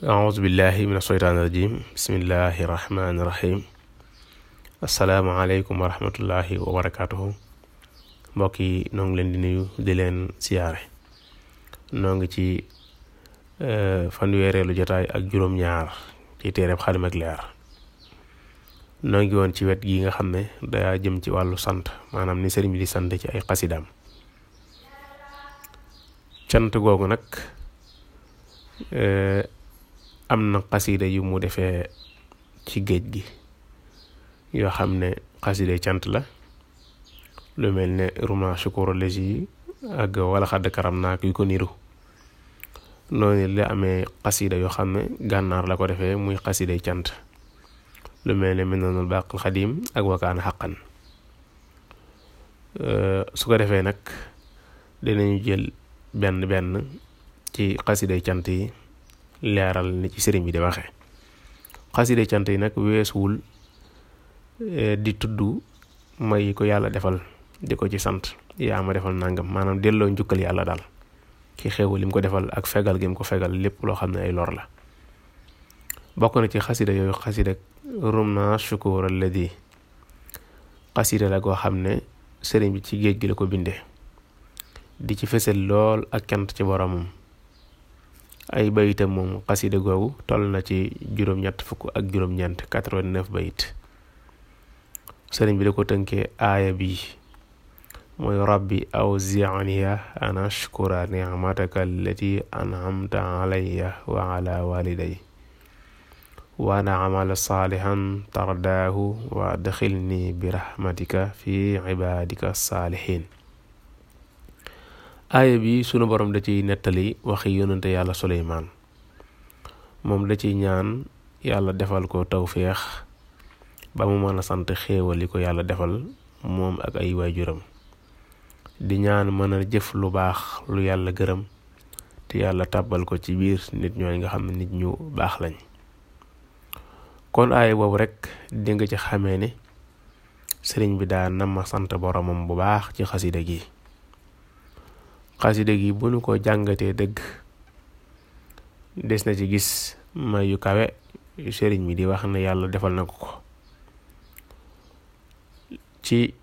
aousubillahi min asheytaan irajim bismillahi rahmaani rahim asalaamualeykum wa rahmatullahi wa barakatuhu mbokk yi noo ngi leen di nuyu di leen siyaare noo ngi ci eh, fanweereelu jotaay ak juróom-ñaar ci téereb Xalimag Leer noo ngi woon ci wet gii nga xam ne daa jëm ci wàllu sant maanaam ni sëriñ bi di sant ci ay xasidaam cant googu nag eh, am na xasida yu mu defee ci géej gi yoo xam ne xasida cant la lu mel ne ruma shukuru lazi ak wala xadd karam naak yu ko niru noonu la amee xasida yoo xam ne gànnaar la ko defee muy xasida cant lu mel ne minanul baqil xadim ak wakaan xaqan su ko defee nag dinañu jël benn benn ci xasida cant yi leeral ni ci sëriñ bi di waxee xaside cant yi nag weesuwul eh, di tudd may ko yàlla defal di ko ci sant yaa ma defal nangam maanaam delloo njukkal yàlla daal ki xewu lim ko defal ak fegal gi mu ko fegal lépp loo xam ne ay lor la bokk na ci xasida yooyu xasida rum naa shukur di xaside la goo xam ne sëriñ bi ci géej gi la ko bindee di ci fësal lool ak cant ci boromam ay bayitam moom xasida googu toll na ci juróom-ñett fukk ak juróom-ñeent 89 bayit sëriñ bi da ko tënkee aaya bi mooy rabbi awzi'aniya an ashkura ni'mataka allati an'amta alayya wa ala waliday wa an a'mala tardaahu wa adxilni bi rahmatika fi ibadika saalihin aaya bi sunu boroom da ciy nettali waxi yonante yàlla Suleymaan moom da ciy ñaan yàlla defal ko tawféex ba mu mën sant xéewal yi ko yàlla defal moom ak ay waajuram di ñaan mën jëf lu baax lu yàlla gërëm te yàlla tàbbal ko ci biir nit ñooy nga xam ne nit ñu baax lañ kon aaya boobu rekk di ci xamee ni sëriñ bi daa nama sant boromam bu baax ci xasida gi xasida gi bu nu ko jàngatee dëgg des na ci gis may yu kawe sëriñ bi di wax ne yàlla defal na ko ko ci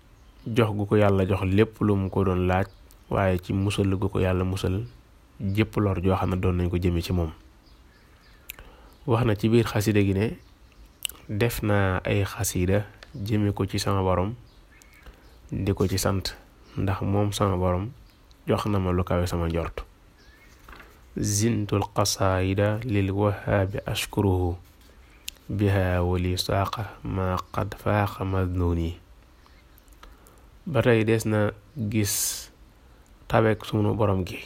jox gu ko yàlla jox lépp lu mu ko doon laaj waaye ci musal gu ko yàlla musal jépp lor joo xam ne doon nañ ko jëme ci moom wax na ci biir xasida gi ne def naa ay xasida jëme ko ci sama borom di ko ci sant ndax moom sama borom jox na ma lu kawe sama njort zintul qasaayida lil wahaabi ashkuruhu biha wali saaqa ma qad faaqa madnuni ba tey des na gis tabek sunu borom gi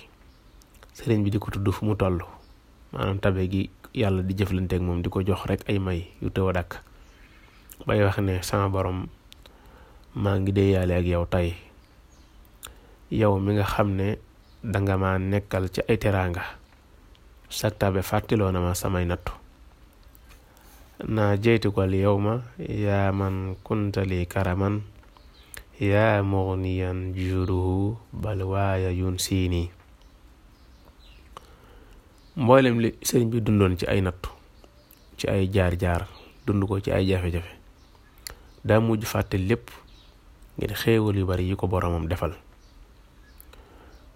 sëriñ bi di ko tudd fu mu toll maanaam tabe gi yàlla di jëflanteek moom di ko jox rek ay may yu tëw a dakk bay wax ne sama borom maa ngi déeyaale ak yow tey yow mi nga xam ne danga ma nekkal ci ay teraanga sag tabe fàttiloo na ma samay nattu naa jeytikol yow ma yaa man kuntali karaman yaa mughniyan juruhu bal waaya yun siini mboolem li sëriñ bi dundoon ci ay nattu ci ay jaar-jaar dund ko ci ay jafe-jafe daa mujj fàtte lépp ngir xéewal yu bari yi ko boromam defal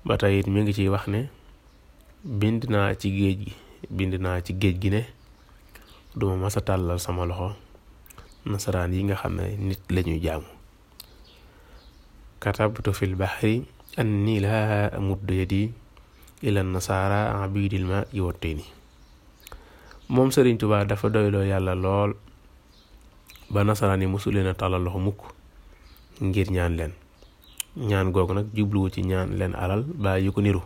ba tey mi ngi ciy wax ne bind naa ci géej gi bind naa ci géej gi ne duma mas tàllal sama loxo nasaraan yi nga xam ne nit lañuy jaamu katabtu fil bahri anni laa amuddu yadi ila nasaara abidil ma iwattini moom Sëriñ tubaab dafa doyloo yàlla lool ba nasaraan yi mosu leen a tàllal loxo mukk ngir ñaan leen ñaan googu nag jubluwu ci ñaan leen alal bàyyi ko niru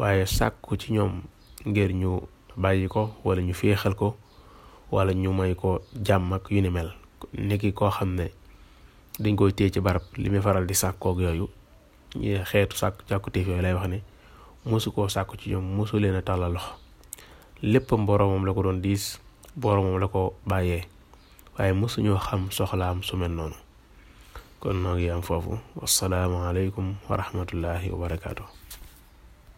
waaye sàkku ci ñoom ngir ñu bàyyi ko wala ñu féexal ko wala ñu may ko jàmm ak yu ni mel niki koo xam ne dañ koy téye ci barab li muy faral di sàkkoog yooyu xeetu sàkk càkkutéef yooyu lay wax ni mësu koo sàkku ci ñoom mosu leen a tàllal loxo lépp boroomam la ko doon diis boroomam la ko bàyyee waaye mosuñoo xam soxlaam su mel noonu kon noo ngi am foofu wassalaamu aleykum wa rahmatullahi wa barakaatu.